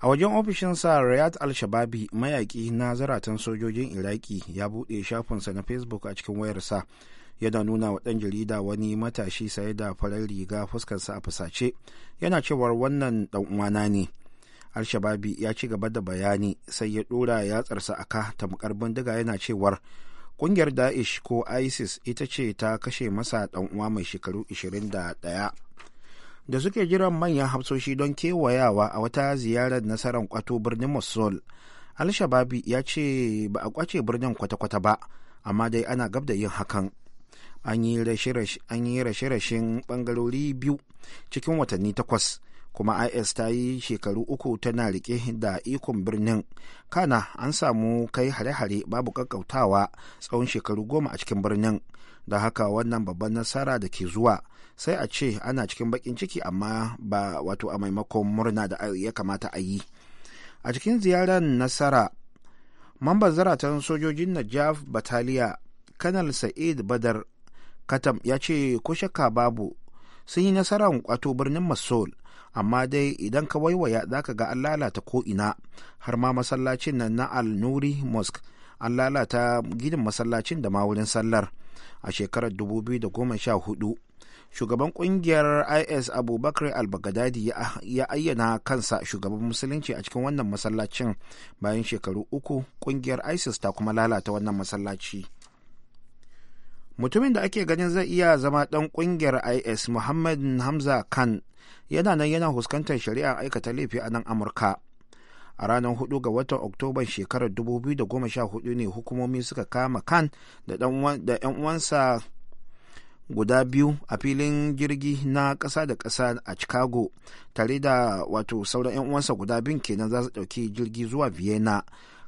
a wajen ofishinsa riyad al-shababi mayaƙi na zaratan sojojin iraki ya buɗe shafinsa na facebook a cikin wayarsa yana nuna wa ɗan jarida wani matashi saye da farar riga fuskarsa a fusace yana cewar wannan ɗan uwana ne al-shababi ya ci gaba da bayani sai ya ɗora yatsarsa a ka tamkar bindiga yana cewar ƙungiyar da'ish ko isis ita ce ta kashe masa ɗan uwa mai shekaru 21 da suke jiran manyan hafsoshi don kewayawa a wata ziyarar nasarar kwato birnin mosul al-shababi ya ce ba a kwace birnin kwata-kwata ba amma dai ana gab da yin hakan an yi rashe-rashen bangarori biyu cikin watanni takwas kuma is ta yi shekaru uku tana rike da ikon birnin kana an samu kai hare-hare babu kakkautawa tsawon shekaru goma a cikin birnin da haka wannan babban nasara da ke zuwa sai a ce ana cikin bakin ciki amma ba wato a maimakon murna da ya kamata a yi a cikin ziyarar nasara mamban zaratan sojojin najaf bataliya kanal sa'id badar katam ya ce ko babu sun yi nasarar kwato birnin masol amma dai idan ka waiwaya za ka ga an lalata ko'ina har ma masallacin nan na al-nuri mosque an lalata gidan masallacin da ma wurin sallar a shekarar 2014 shugaban kungiyar is abubakar al-baghdadi ya ayyana kansa shugaban musulunci a cikin wannan masallacin bayan shekaru uku kungiyar isis ta kuma lalata wannan masallaci mutumin da ake ganin zai iya zama ɗan ƙungiyar is muhammad hamza khan yana nan yana fuskantar shari'a aikata laifi a nan amurka a ranar 4 ga watan oktobar shekarar 2014 ne hukumomi suka kama khan da 'yan uwansa guda biyu a filin jirgi na ƙasa da ƙasa a chicago tare da wato sauran 'yan uwansa guda biyun kenan za su ɗauki jirgi zuwa vienna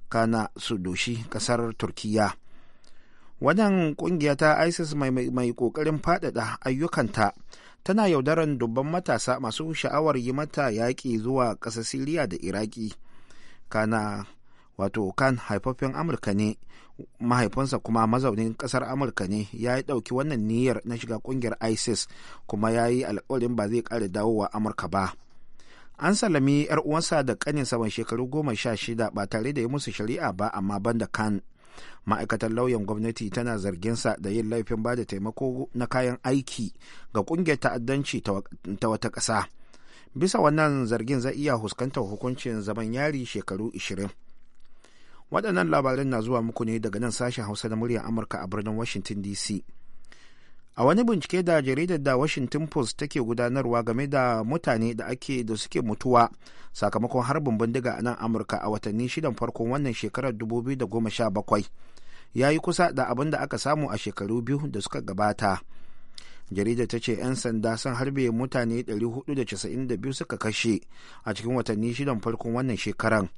kana su doshi ƙasar turkiyya. wannan kungiya ta isis mai, mai, kokarin faɗaɗa ayyukanta tana yaudaran dubban matasa masu sha'awar yi mata yaƙi zuwa ƙasa siriya da iraki kana wato kan haifaffen amurka ne mahaifinsa kuma mazaunin ƙasar amurka ne ya yi ɗauki wannan niyyar na shiga ƙungiyar isis kuma ya yi alƙawarin ba zai ƙara dawowa amurka ba an sallami 'yar uwansa da ƙaninsa mai shekaru goma sha shida ba tare da yi musu shari'a ba amma banda kan ma'aikatar lauyan gwamnati tana zargin sa da yin laifin bada taimako na kayan aiki ga ƙungiyar ta'addanci ta wata ƙasa bisa wannan zargin zai iya huskantar hukuncin zaman yari shekaru 20 waɗannan labarin na zuwa muku ne daga nan sashen hausa na muryar amurka a birnin washington dc a wani bincike da jaridar da washington post take gudanarwa game da mutane da ake da suke mutuwa sakamakon harbin bindiga a nan amurka a watanni shidan farkon wannan shekarar 2017 ya yi kusa da abin da aka samu a shekaru biyu da suka gabata jaridar ta ce 'yan sanda sun harbe mutane 492 suka kashe a cikin watanni shidan farkon wannan shekarar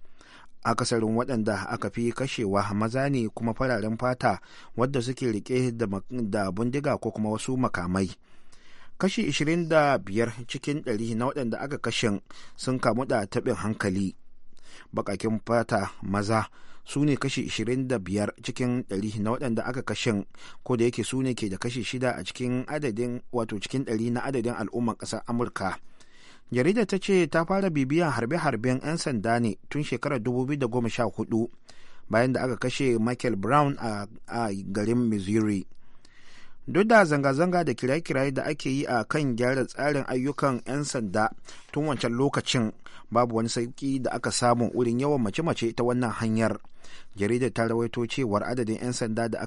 akasarin waɗanda aka fi kashewa maza ne kuma fararen fata wadda suke rike da bindiga ko kuma wasu makamai kashi 25 cikin 100 na waɗanda aka kashin sun kamu da taɓin hankali bakakin fata maza su ne kashi 25 cikin 100 na waɗanda aka kashin ko da yake su ne ke da kashi 6 a cikin adadin wato cikin 100 na adadin al'ummar ƙasar amurka jaridar ta ce ta fara bibiyan harbe-harben 'yan sanda ne tun shekarar 2014 bayan da aka kashe michael brown a, garin missouri duk da zanga-zanga da kiraye-kiraye da ake yi a kan gyara tsarin ayyukan 'yan sanda tun wancan lokacin babu wani sauki da aka samu wurin yawan mace-mace ta wannan hanyar jaridar ta rawaito cewar adadin 'yan sanda da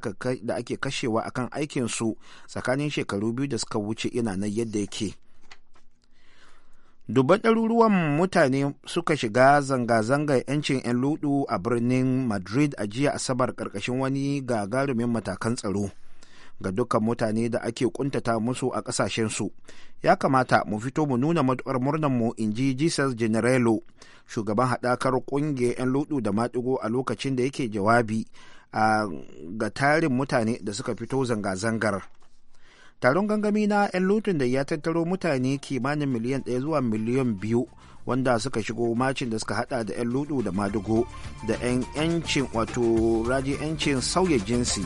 ake kashewa akan aikinsu tsakanin shekaru biyu da suka wuce ina na yadda yake. dubban ɗaruruwan mutane suka shiga zanga-zangar 'yancin 'yan ludu a birnin madrid a jiya asabar ƙarƙashin wani gagarumin matakan tsaro ga dukkan mutane da ake kuntata musu a ƙasashensu ya kamata mu fito mu nuna matuƙar mu in ji jesus generalo shugaban haɗakar ƙungiyar 'yan ludu da maɗigo a lokacin da yake jawabi ga tarin mutane da suka fito zanga-zangar taron gangami na 'yan lutin da ya tattaro mutane kimanin miliyan 1 zuwa miliyan 2 wanda suka shigo macin da suka hada da 'yan ludu da madugo da 'yan yancin wato raji yancin sauya jinsi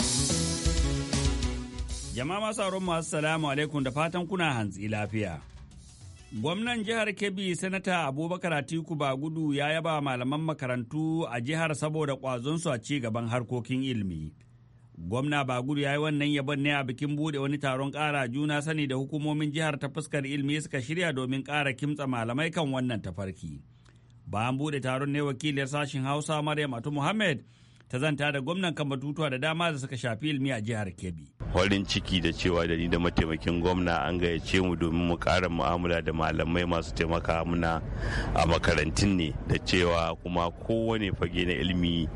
Jama'a masu masu salamu alaikum da fatan kuna hantsi lafiya. Gwamnan jihar Kebbi Sanata Abubakar Atiku Bagudu ya yaba malaman makarantu a jihar saboda ƙwazonsu a ci gaban harkokin ilimi. Gwamna Bagudu ya yi wannan yabon ne a bikin buɗe wani taron ƙara juna sani da hukumomin jihar ta fuskar ilimi suka shirya domin ƙara kimtsa malamai kan wannan tafarki. Bayan buɗe taron ne wakiliyar sashen Hausa Maryam Atu Muhammad ta zanta da gwamnan kan batutuwa da dama da suka shafi ilmi a jihar Kebbi. Farin ciki da cewa da ni da mataimakin gwamna an gayyace mu domin mu ƙara mu'amala da malamai masu taimaka muna a makarantun ne da cewa kuma kowane fage na ilmi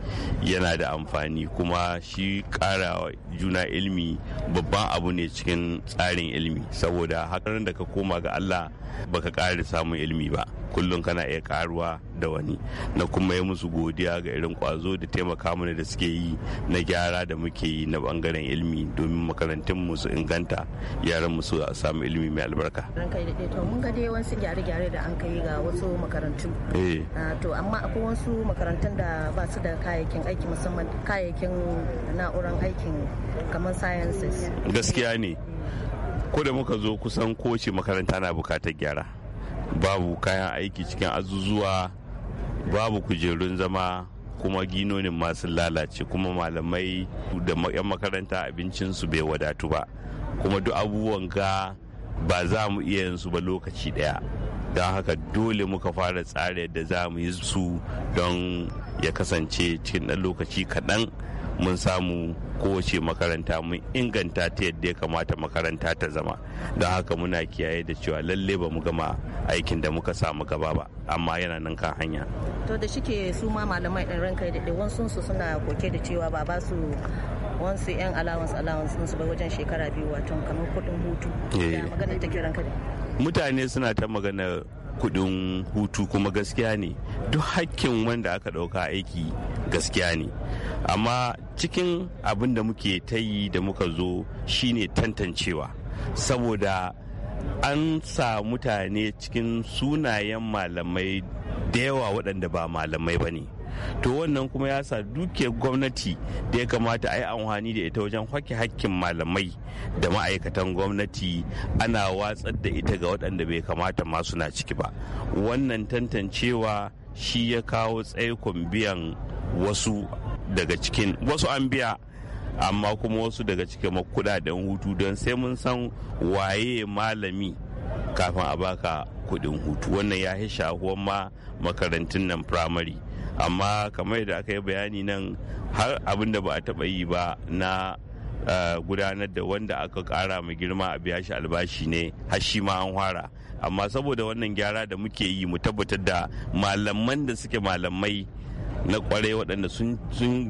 yana da amfani kuma shi ƙara juna ilmi babban abu ne cikin tsarin ilmi saboda hakanan da ka koma ga Allah baka ƙara samun ilmi ba kullum kana iya karuwa da wani na kuma yi musu godiya ga irin kwazo da taimaka mana da suke yi na gyara da muke yi na bangaren ilimi domin makarantun mu su inganta yaran mu su samu ilimi mai albarka ranka da to mun ga dai wasu gyare-gyare da an kai ga wasu makarantu eh. ah, to amma akwai wasu makarantun da ba su da kayayyakin aiki musamman kayayyakin na'uran aikin kamar sciences gaskiya ne ko da muka zo kusan kowace makaranta na bukatar gyara babu kayan aiki cikin azuzuwa babu kujerun zama kuma ginonin ma sun lalace kuma malamai da 'yan makaranta abincinsu bai wadatu ba kuma duk abubuwan ga ba za mu iya yin ba lokaci daya don haka dole muka fara tsara yadda za mu yi su don ya kasance cikin lokaci kaɗan mun samu kowace makaranta mun inganta ta yadda ya kamata makaranta ta zama don haka muna kiyaye da cewa lalle ba mu gama aikin da muka samu gaba ba amma yana nan kan hanya to da shike su ma malamai ɗin ranka da wasu su suna koke da cewa ba ba su wansu yan allowance allowance su ba wajen shekara biyu wato kamar kuɗin hutu da eh. magana take ranka mutane suna ta magana kudin hutu kuma gaskiya ne duk hakkin wanda aka ɗauka aiki gaskiya ne amma cikin abin da muke ta yi da muka zo shine tantancewa saboda an sa mutane cikin sunayen malamai da yawa waɗanda ba malamai ba ne to wannan kuma ya sa duke gwamnati da ya kamata a yi amfani da ita wajen hake hakkin malamai da ma'aikatan gwamnati ana watsar da ita ga waɗanda bai kamata masu na ciki ba wannan tantancewa shi ya kawo tsaikon biyan wasu daga cikin wasu an biya amma kuma wasu daga cikin kudaden hutu don sai mun san waye malami kafin a baka kudin hutu wannan ya shahuwan ma makarantun nan firamare amma kamar da aka yi bayani nan har abin da ba a taɓa yi ba na eh, gudanar da wanda aka kara mai girma a biya shi albashi ne har shi ma an fara amma saboda wannan gyara da muke yi mu tabbatar da malaman da suke malamai na kwarai waɗanda sun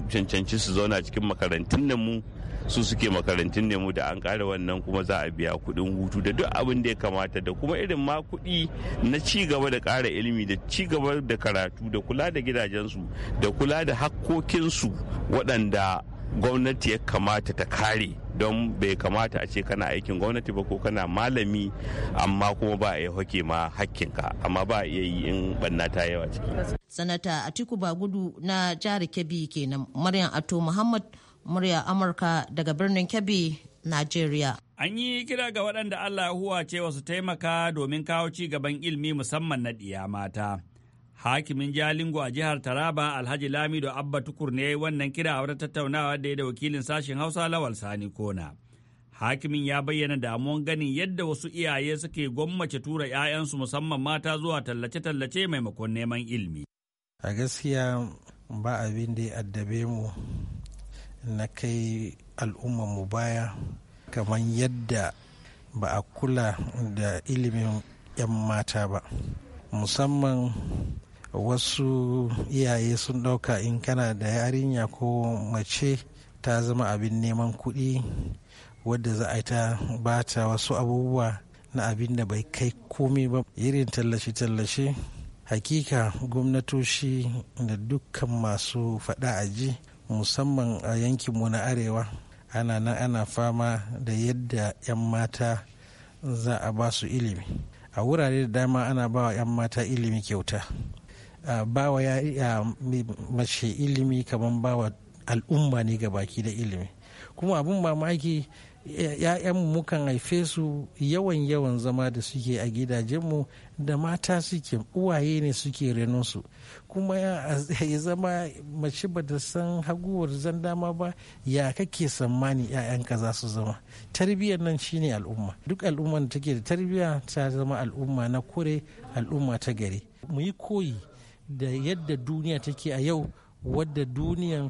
cancanci su zauna cikin makarantun nan mu su suke makarantun nemu da an kare wannan kuma za a biya kuɗin hutu da duk abin da ya kamata da kuma irin ma kuɗi na ci gaba da kara ilimi da ci gaba da karatu da kula da gidajensu da kula da hakkokinsu waɗanda gwamnati ya kamata ta kare don bai kamata a ce kana aikin gwamnati ba ko kana malami amma kuma ba a yi hake ma hakkinka amma ba a yi in banna ta yawa ce. sanata atiku bagudu na jihar kebbi kenan maryam ato muhammad murya Amurka daga birnin Kebbi, nigeria. An yi kira ga waɗanda Allah huwa cewa wasu taimaka domin kawo ci gaban ilmi musamman na ɗiya mata. Hakimin Jalingo a jihar Taraba Alhaji Lamido Abba Tukur ne wannan kira a wata tattaunawa da ya da wakilin sashen Hausa Lawal Sani Kona. Hakimin ya bayyana damuwan ganin yadda wasu iyaye suke gwammace tura 'ya'yansu musamman mata zuwa tallace-tallace maimakon neman ilimi. A gaskiya ba abin da ya addabe mu na kai mu baya kamar yadda ba a kula da ilimin 'yan mata ba musamman wasu iyaye sun ɗauka in kana da yarinya ko mace ta zama abin neman kuɗi wadda za a ta bata wasu abubuwa na abin da bai kai komi ba irin tallace-tallace hakika gwamnatoshi da dukkan masu faɗa ji. musamman a yankinmu na arewa ana nan ana fama da yadda 'yan mata za a ba su ilimi a wurare da dama ana ba wa 'yan mata ilimi kyauta ba wa mace ilimi kamar ba wa al'umma ne ga baki da ilimi kuma abin mamaki 'ya'yanmu mukan haife su yawan yawan zama da suke a gidajenmu da mata suke uwaye ne suke renonsu kuma ya zama mace ba da san haguwar zan dama ba ya kake sammani 'ya'yanka za su zama tarbiyyar nan shine al'umma duk al'umma da take da tarbiyya ta zama al'umma na kure al'umma ta gari mu yi koyi da yadda duniya take a yau wadda duniyan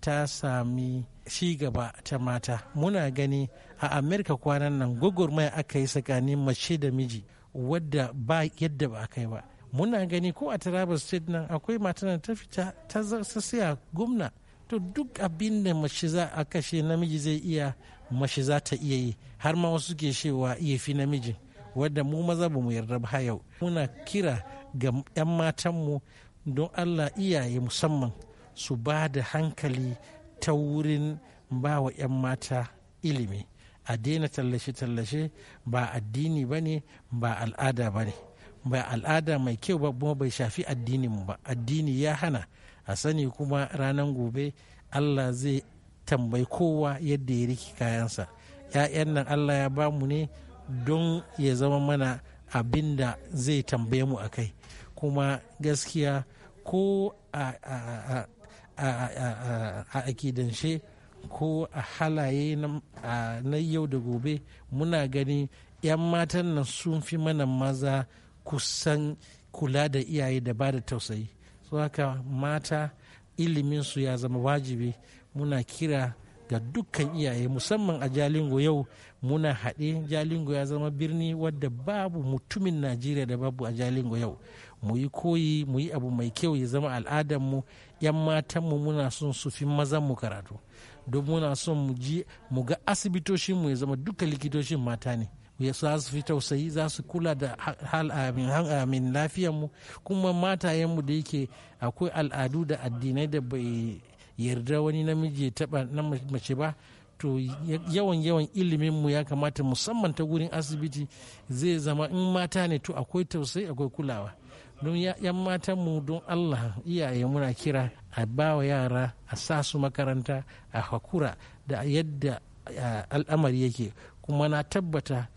ta sami shi gaba ta mata muna gani a amerika kwanan nan gwagwarmaya aka yi tsakanin mace da miji wadda ba yadda ba kai ba muna gani ko a taraba state nan akwai mata nan ta fita ta siya gwamna to duk abin da mace za a kashe namiji zai iya mace za ta iya yi har ma wasu ke cewa iya fi namijin wadda mu maza ba mu yarda ba yau muna kira ga 'yan matanmu don allah iyaye musamman su ba da hankali ta wurin ba wa 'yan mata ilimi a daina tallashe-tallashe ba addini ba ne ba al'ada ba ne ba al'ada mai kyau ba kuma bai shafi addininmu ba addini ya hana a sani kuma ranar gobe allah zai tambayi kowa yadda ya riki kayansa 'ya'yan nan allah ya bamu ne don ya zama mana abin da zai tambaye mu a kai kuma gaskiya ko a a akidance ko a halaye na yau da gobe muna gani 'yan matan nan sun fi mana maza kusan kula da iyaye da ba da tausayi su haka mata iliminsu ya zama wajibi muna kira ga dukkan iyaye musamman a jalingo yau muna haɗe jalingo ya zama birni wadda babu mutumin najeriya da babu a jalingo yau mu yi koyi mu yi abu mai kyau ya zama al'adarmu yan matanmu muna son su fi mazan mu karatu don muna son mu ji mu ga asibitoshin mu ya zama duka likitoshin mata ne ya za su fi tausayi za su kula da amin mu kuma matayenmu da yake akwai al'adu da addinai da bai yarda wani namiji ya taba na mace ba to yawan yawan iliminmu ya kamata musamman ta gurin asibiti zai zama in mata ne to akwai tausayi akwai kulawa don yan matanmu don allah iyaye muna kira a bawa yara a sa su makaranta a hakura da yadda al'amari yake kuma na tabbata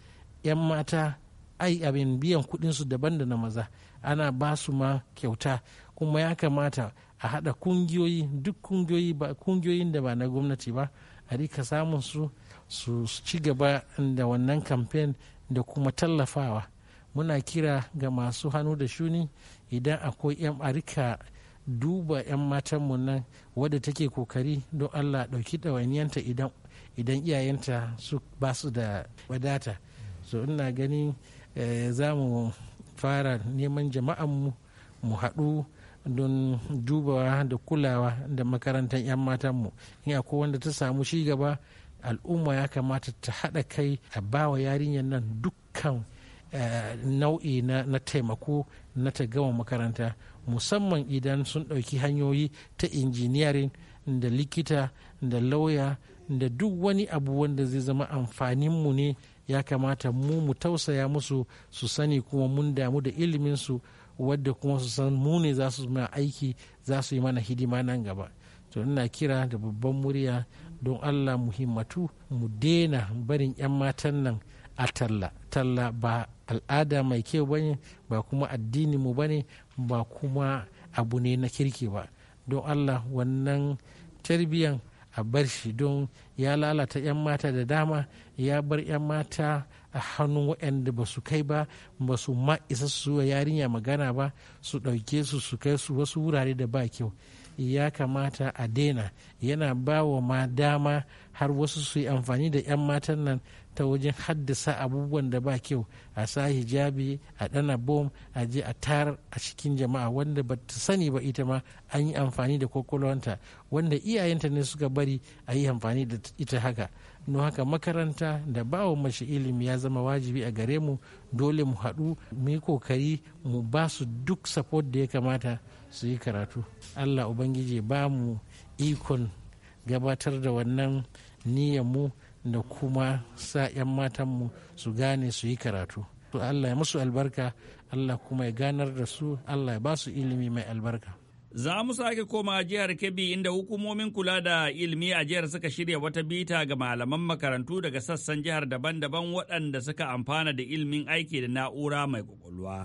'yan mata ai abin biyan kudinsu daban da na maza ana ba su ma kyauta kuma ya kamata a haɗa kungiyoyi duk kungiyoyi ba kungiyoyin da ba na gwamnati ba a rika samun su su ci gaba da wannan kamfen da kuma tallafawa muna kira ga masu hannu da shuni idan akwai 'yan arika duba 'yan matanmu nan wadda take kokari don allah ɗauki ɗawainiyanta idan iyayenta su ba su da wadata so ina gani eh, za mu fara neman jama'anmu mu haɗu don dubawa da kulawa da makarantar 'yan matanmu in akwai wanda ta samu shi gaba al'umma ya kamata ta haɗa kai a bawa yarinyar nan dukkan Eh, nau'i na taimako na ta gama makaranta musamman idan sun ɗauki hanyoyi ta injiniyarin da likita da lauya da duk wani abu wanda zai zama amfaninmu ne ya kamata mu mu tausaya musu su sani kuma mun damu da iliminsu wadda kuma su san mu ne za su mana aiki za su yi mana hidima nan gaba to ina kira da babban murya don allah muhimmatu mu daina barin 'yan matan nan a talla talla ba al'ada mai kyau bane ba kuma addini mu bane ba kuma abu ne na kirki ba don allah wannan tarbiyan a bar shi don ya lalata 'yan mata da dama ya bar 'yan mata a hannun waɗanda ba su kai ba ba su ma isa su yarinya magana ba su ɗauke su su kai su wasu wurare da ba kyau ya kamata a daina yana ba wa ma dama har wasu su yi amfani da 'yan matan nan ta wajen haddasa abubuwan da ba kyau a sa hijabi a dana bom a je a tar a cikin jama'a wanda ba ta sani ba ita ma an yi amfani da kwakwalwanta wanda iyayenta ne suka bari a yi amfani da ita haka no haka makaranta da bawa mashi ilimi ya zama wajibi a gare mu dole mu haɗu mu yi kokari mu ba su duk support da ya kamata su yi karatu allah ubangiji ba mu ikon gabatar da wannan niyyar mu da kuma sa 'yan matanmu su gane su yi karatu to allah ya musu albarka allah kuma ya ganar da su allah ya ba su ilimi mai albarka Za mu sake koma jihar Kebbi inda hukumomin kula da ilimi a jihar suka shirya wata bita ga malaman makarantu daga sassan jihar daban-daban waɗanda suka amfana da ilimin aiki da na'ura mai kwakwalwa.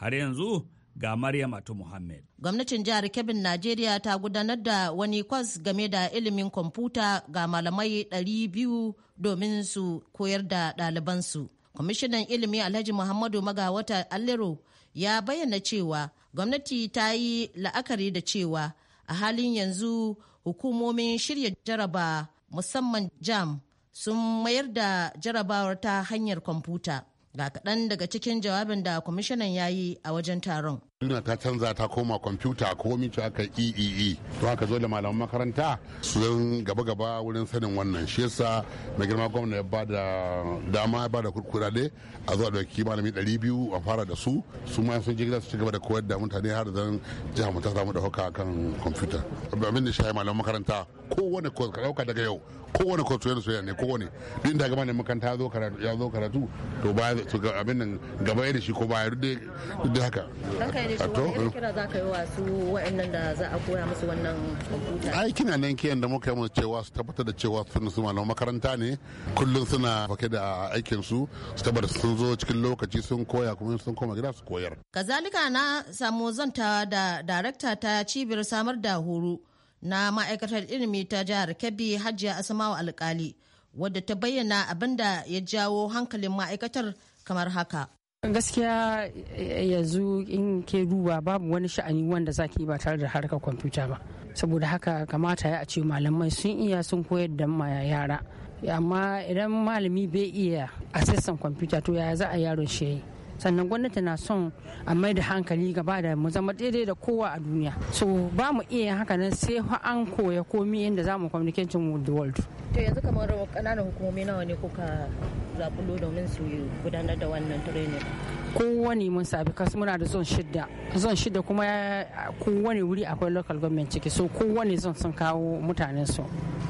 Har yanzu ga Maryam Atu Muhammad. Gwamnatin jihar Kebbin Najeriya ta gudanar da wani kwas game da ilimin kwamfuta ga malamai 200 domin su koyar da ɗalibansu. Kwamishinan ilimi Alhaji Muhammadu Magawata Allero ya bayyana cewa gwamnati ta yi la'akari da cewa a halin yanzu hukumomin shirya jaraba musamman jam sun mayar da jarabawar ta hanyar kwamfuta. Ga kaɗan daga cikin jawabin da kwamishinan ya yi a wajen taron. ina ta canza ta koma kwamfuta ko mice e e. aka iii to aka zo da malaman makaranta su zan gaba gaba wurin sanin wannan shi yasa mai girma gwamna ya ba da dama ya ba da kurkurade a zuwa ki malami 200 biyu a fara da su su ma sun je gida su ci gaba da koyar da mutane har zan jiha mu ta samu da hauka kan kwamfuta abin da shi malaman makaranta kowane kwas ka dauka daga yau kowane kwas yana soyayya ne kowane duk inda gaba ne makaranta ya zo karatu to ba abin nan gaba ya da shi ko ba ya duk da haka ne shi wani kira za da a koya musu wannan kwamfuta ai nan kiyan da muka yi musu cewa su tabbatar da cewa sun su malaman makaranta ne kullum suna fake da aikin su su tabbatar sun zo cikin lokaci sun koya kuma sun koma gida su koyar kazalika na samu zanta da darakta ta cibiyar samar da horo na ma'aikatar ilimi ta jihar kebbi hajiya asamawa alkali wadda ta bayyana abin da ya jawo hankalin ma'aikatar kamar haka gaskiya eh, yanzu in ke duba babu wani sha'ani wanda za ki ba tare da harkar kwamfuta ba saboda haka kamata ya a ce malamai sun iya sun koyar da ma yara amma idan malami bai iya asessan kwamfuta to yaya za a yaron shi sannan gwamnati na son a mai da hankali gaba da mu zama daidai da kowa a duniya so ba mu iya haka nan sai an koya komi inda za mu communication with the world to yanzu kamar kananan hukumomi nawa ne kuka zabulo domin su gudanar da wannan training kowane mun sabi kasu muna da zon shida zon shida kuma kowane wuri akwai local government ciki so kowane zon sun kawo mutanen su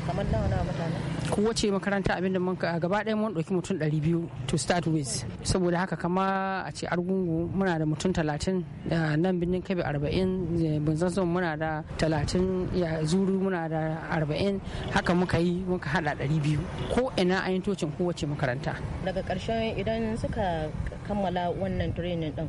kamar nawa nawa mutanen kowace makaranta abin da mun gaba ɗaya mun ɗauki mutum biyu to start with saboda haka kama a ce argungu muna da mutum 30 da nan birnin kabe 40 bunzan son muna da 30 ya zuru muna da 40 haka muka yi muka hada 200 ko ina an tocin kowace makaranta daga ƙarshen idan suka kammala wannan training din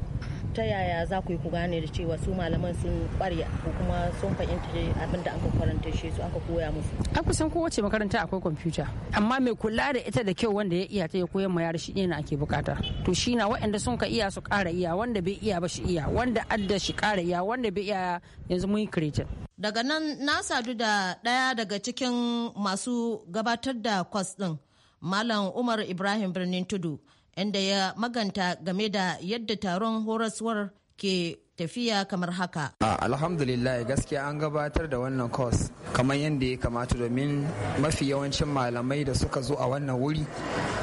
ta yaya za ku yi ku gane da cewa su malaman sun ɓarya ko kuma sun fahimta abin da aka karanta shi su aka koya musu a kusan kowace makaranta akwai kwamfuta amma mai kula da ita da kyau wanda ya iya ta ya koyar ma yara shi ne ake bukata to shi na waɗanda sun ka iya su ƙara iya wanda bai iya ba shi iya wanda adda shi ƙara iya wanda bai iya yanzu mun yi kiretin daga nan na sadu da ɗaya daga cikin masu gabatar da kwas ɗin malam umar ibrahim birnin tudu inda ya maganta game da yadda taron horaswar ke tafiya kamar haka. Ah, alhamdulillah gaskiya an gabatar da wannan course kamar yadda ya kamata domin mafi yawancin malamai da suka zo a wannan wuri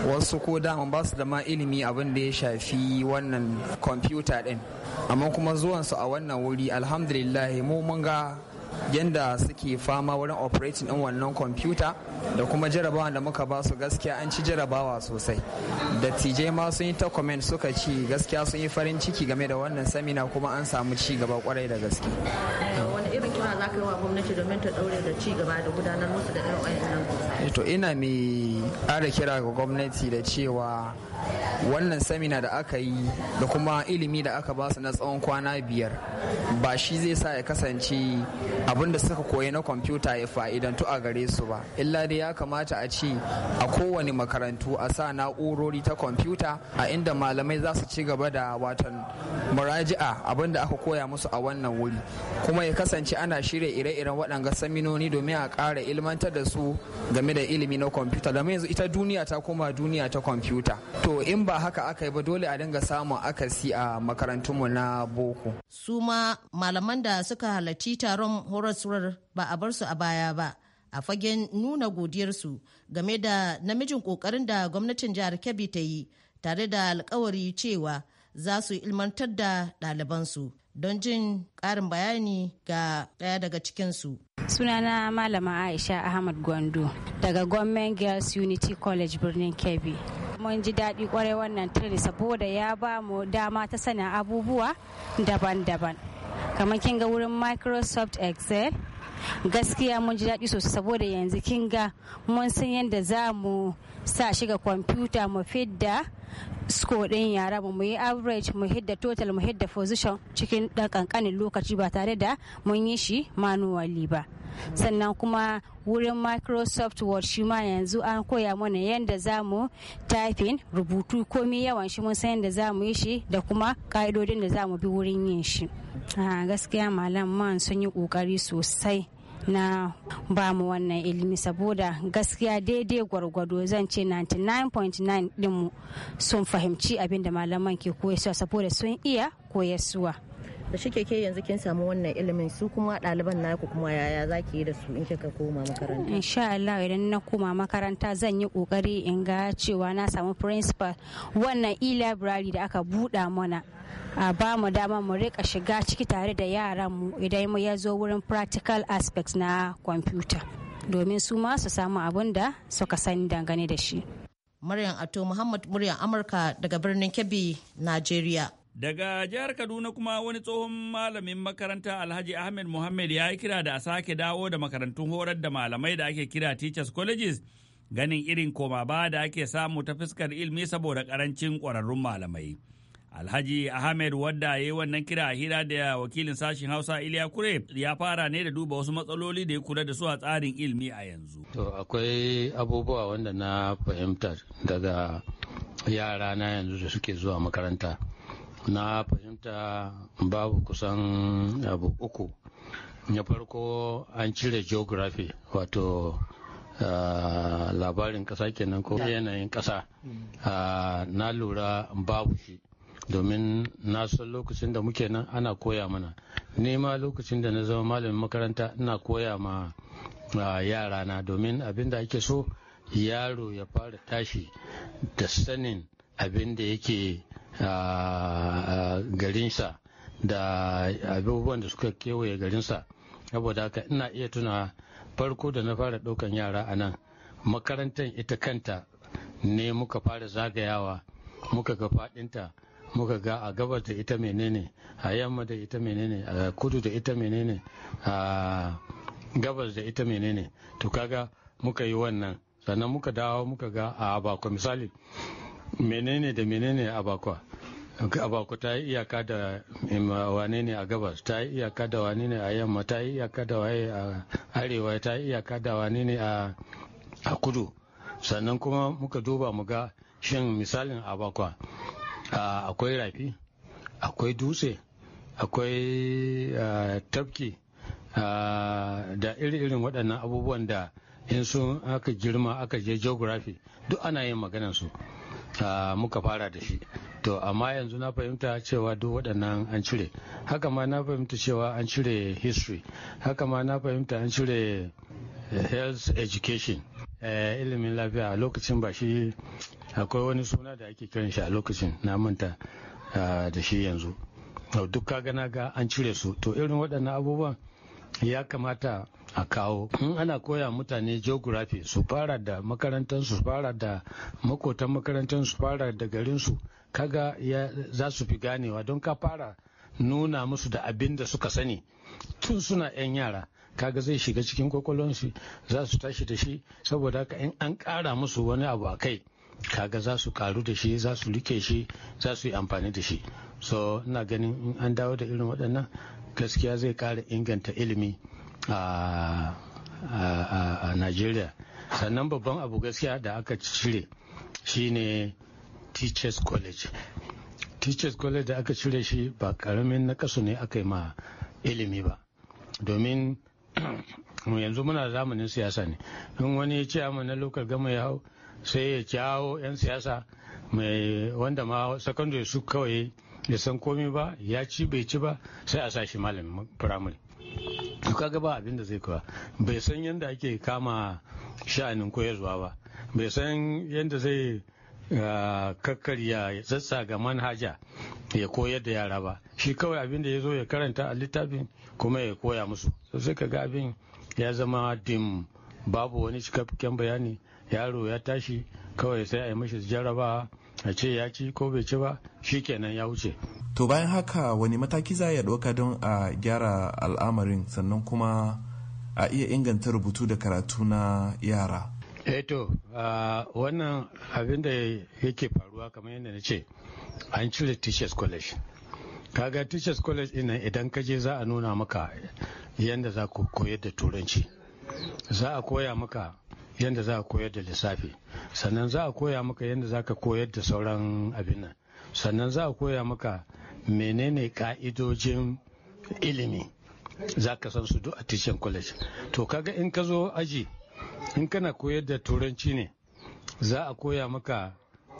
wasu ko daman ba su da ma ilimi abin da ya shafi wannan kwamfuta din amma kuma zuwansu a wannan wuri alhamdulillah mu mun ga yadda suke fama wurin operating din wannan computer da kuma jarabawa da muka ba su gaskiya an ci jarabawa sosai da tj ma sun yi ta comment suka ci gaskiya sun yi farin ciki game da wannan samina kuma an samu ci gaba kwarai da gaske wani irin kira za ka yi wa gwamnati domin ta daure da ci gaba da gudanar musu da eh ina mai kira ga gwamnati da cewa wannan samina da aka yi da kuma ilimi da aka basu na tsawon kwana biyar ba shi zai sa ya kasance abin da suka koya na kwamfuta ya fa'idantu a gare su ba illa dai ya kamata a ce a kowane makarantu a sa na'urori ta kwamfuta a inda malamai za su ci gaba da watan muraji'a abin da aka koya musu a wannan wuri kuma ya kasance ana shirya ire-iren waɗanga saminoni domin a ƙara ilmantar da su game da ilimi na kwamfuta domin yanzu ita duniya ta koma duniya ta kwamfuta to in ba haka aka yi ba dole a dinga samun akasi a makarantunmu na boko su ma malaman da suka halarci taron horaswar ba a bar su a baya ba a fagen nuna godiyarsu game da namijin kokarin da gwamnatin jihar kebbi ta yi tare da alkawari cewa za su ilmantar da ɗalibansu don jin ƙarin bayani ga ɗaya daga cikinsu. sunana malama aisha ahmad Gwando daga government girls unity college birnin kebbi mun ji daɗi kwarai wannan tiri saboda ya ba mu dama ta sanin abubuwa daban-daban kamar kin ga wurin microsoft excel gaskiya mun ji daɗi sosai saboda yanzu kin ga mun san yadda za mu sa shi ga kwamfuta mu fidda score din yara mu yi average mu hidda total mu hidda position cikin dan kankanin lokaci ba tare da mun yi shi manually ba sannan kuma wurin microsoft word shi ma yanzu an koya mana yadda za mu typing rubutu komi yawan shi mun san yadda za mu yi shi da kuma ka'idodin da za mu bi wurin yin shi ah, gaskiya malam man sun yi kokari sosai na ba mu wannan ilimi saboda gaskiya daidai gwargwado zan ce 99.9 dinmu sun fahimci abin da malaman ke koyaswa saboda sun iya koyaswa da shi keke yanzu kin samu wannan ilimin su kuma ɗaliban naku kuma yaya za ki yi da su in kika koma makaranta insha Allah idan na koma makaranta zan yi kokari in ga cewa na samu principal wannan e-library da aka buɗa mana a ba mu dama mu rika shiga ciki tare da yaran mu idan mu ya zo wurin practical aspects na computer domin su ma su samu abin da suka sani dangane da shi. Maryam Ato Muhammad muryar Amurka daga birnin Kebbi, Najeriya. Daga jihar Kaduna kuma wani tsohon malamin makaranta Alhaji Ahmed Muhammad ya yi kira da a sake dawo da makarantun horar da malamai da ake kira Teachers Colleges ganin irin koma ba da ake samu ta fuskar ilmi saboda karancin ƙwararrun malamai. Alhaji Ahmed wadda ya yi wannan kira a hira da wakilin sashen Hausa Iliya Kure ya fara ne da duba wasu matsaloli da ya kula da su a tsarin ilmi a yanzu. To akwai abubuwa wanda na fahimtar daga yara na yanzu da suke zuwa makaranta. na fahimta babu kusan abu uku na farko an cire geography wato ah, labarin kasa kenan ko yanayin kasa uh, mm. ah, na lura babu shi domin na san lokacin da muke nan ana koya mana nema lokacin da na zama malamin makaranta ina koya ma ah, yara na domin abin da ake so yaro ya fara tashi da sanin abin da yake garinsa da abubuwan da suka kewaye garinsa saboda haka ina iya tuna farko da na fara ɗaukan yara a nan makarantar ita kanta ne muka fara zagayawa muka ga faɗinta muka ga a gabar da ita menene a yamma da ita menene a kudu da ita menene a gabas da ita menene to kaga muka yi wannan sannan muka dawo muka ga a ba misali menene da menene abakwa abakwa ta yi iyaka da wane ne a gabas ta yi iyaka da wane ne a yamma ta yi iyaka da waye a arewa ta yi iyaka da wane ne a kudu sannan kuma muka duba mu ga shin misalin abakwa akwai rafi akwai dutse akwai tafki da iri-irin waɗannan abubuwan da in sun aka girma aka je geography duk ana yin maganansu su muka fara da shi to amma yanzu na fahimta cewa duk waɗannan an cire haka ma na fahimta cewa an cire history haka ma na fahimta an cire eh, health education eh, ilimin lafiya a lokacin ba shi akwai wani suna da ake kiran shi a lokacin na manta ah, da shi yanzu duk ka gana ga an cire su to irin waɗannan abubuwan ya kamata a kawo in ana koya mutane geography su fara da makarantar su fara da makotan makarantar su fara da garin su kaga ya za su fi ganewa don ka fara nuna musu da abin da suka sani tun suna 'yan yara kaga zai shiga cikin kwakwalwansu za su tashi da shi saboda haka in an kara musu wani abu a kai kaga za su karu da shi za su rike shi za su yi amfani da shi so ina ganin in an dawo da irin waɗannan gaskiya zai kara inganta ilimi a Najeriya sannan babban abu gaskiya da aka cire shine teachers college teachers college da aka cire shi ba karamin na kasu ne aka yi ma ilimi ba domin yanzu muna zamanin siyasa ne in wani ya ce na local gama ya hau sai ya jawo 'yan siyasa mai wanda ma sakandare su kawai ya san komi ba ya ci bai ci ba sai a sashi malamin firamare ka gaba abin da zai koya bai san yadda ake kama sha'anin koyarwa ba bai san yadda zai ah, kakkarya ga manhaja ya koyar da yara ba shi kawai abin da ya zo ya karanta a littafin kuma ya koya musu sai ka ga abin ya zama dim babu wani cikakken bayani yaro ya tashi kawai sai a yi mashi jarabawa a ce ya ci ko bai ci ba shi kenan ya wuce to bayan haka wani mataki za ya ɗauka don a gyara al'amarin sannan kuma a iya inganta rubutu da karatu na yara eto eh wannan abin da yake faruwa kamar yadda na ce an cire teachers college kaga teachers college ɗin idan ka je za a nuna maka yadda za ku koyar da turanci za a koya maka yadda za a koyar da lissafi sannan za a koya maka yadda za ka koyar da sauran abin nan sannan za a koya maka menene ka'idojin ilimi za ka san su duk a teaching college to kaga in ka zo aji in kana koyar da turanci ne za a koya maka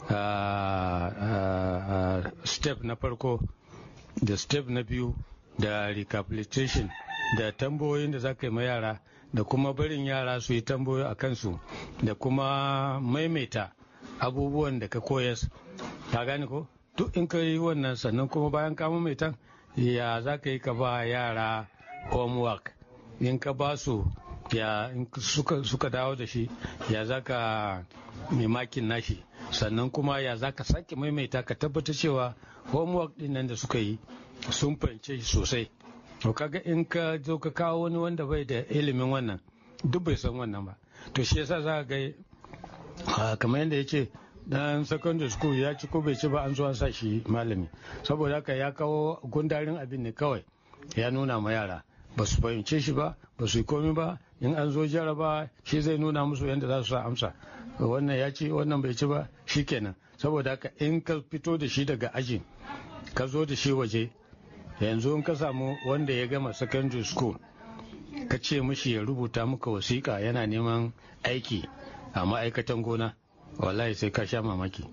ah, ah, ah, step na farko da step na biyu da recapitulation da tambayoyin da za ka yi ma yara da kuma barin yara su yi tambayoyi a kansu da kuma maimaita abubuwan da ka koyas ta gane ko duk in ka yi wannan sannan kuma bayan ka maimaitan ya za ka yi ka ba yara homework in ka ba su ya suka, dawo da shi ya za ka mai nashi sannan kuma ya za ka sake maimaita ka tabbatar cewa homework din nan da suka yi sun fahimce shi sosai to kaga in ka zo ka kawo wani wanda bai da ilimin wannan duk bai san wannan ba to shi yasa za ga kamar yadda ya ce dan secondary school ya ci ko bai ci ba an zo an sa shi malami saboda haka ya kawo gundarin abin ne kawai ya nuna ma yara ba su fahimce shi ba ba su yi komi ba in an zo jaraba shi zai nuna musu yadda za su sa amsa wannan ya ci wannan bai ci ba shi kenan saboda haka in ka fito da shi daga aji ka zo da shi waje yanzu in ka samu wanda ya gama secondary school ka ce mishi ya rubuta muka wasiƙa yana neman aiki a ma'aikatan gona wallahi sai ka sha mamaki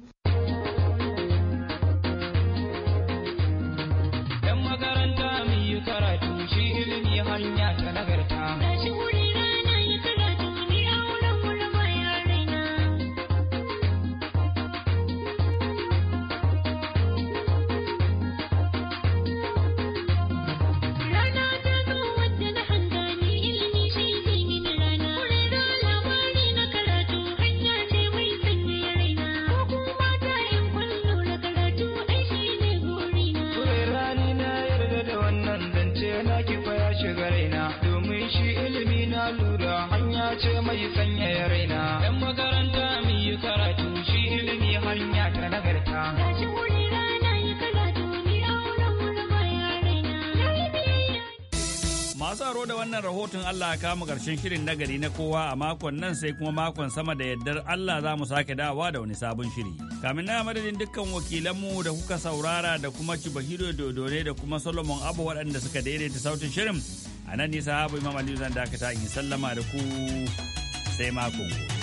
Masu haro da wannan rahoton Allah ya kama ƙarshen shirin nagari na kowa a makon nan sai kuma makon sama da yardar Allah za mu sake dawa da wani sabon shiri. Kamin na madadin dukkan wakilanmu da kuka saurara da kuma Cibahiro Dodone da kuma Solomon Abu waɗanda suka daidaita sautin shirin. A nan nisa habu Imam Aliyu zan dakata in sallama da ku sai makon gobe.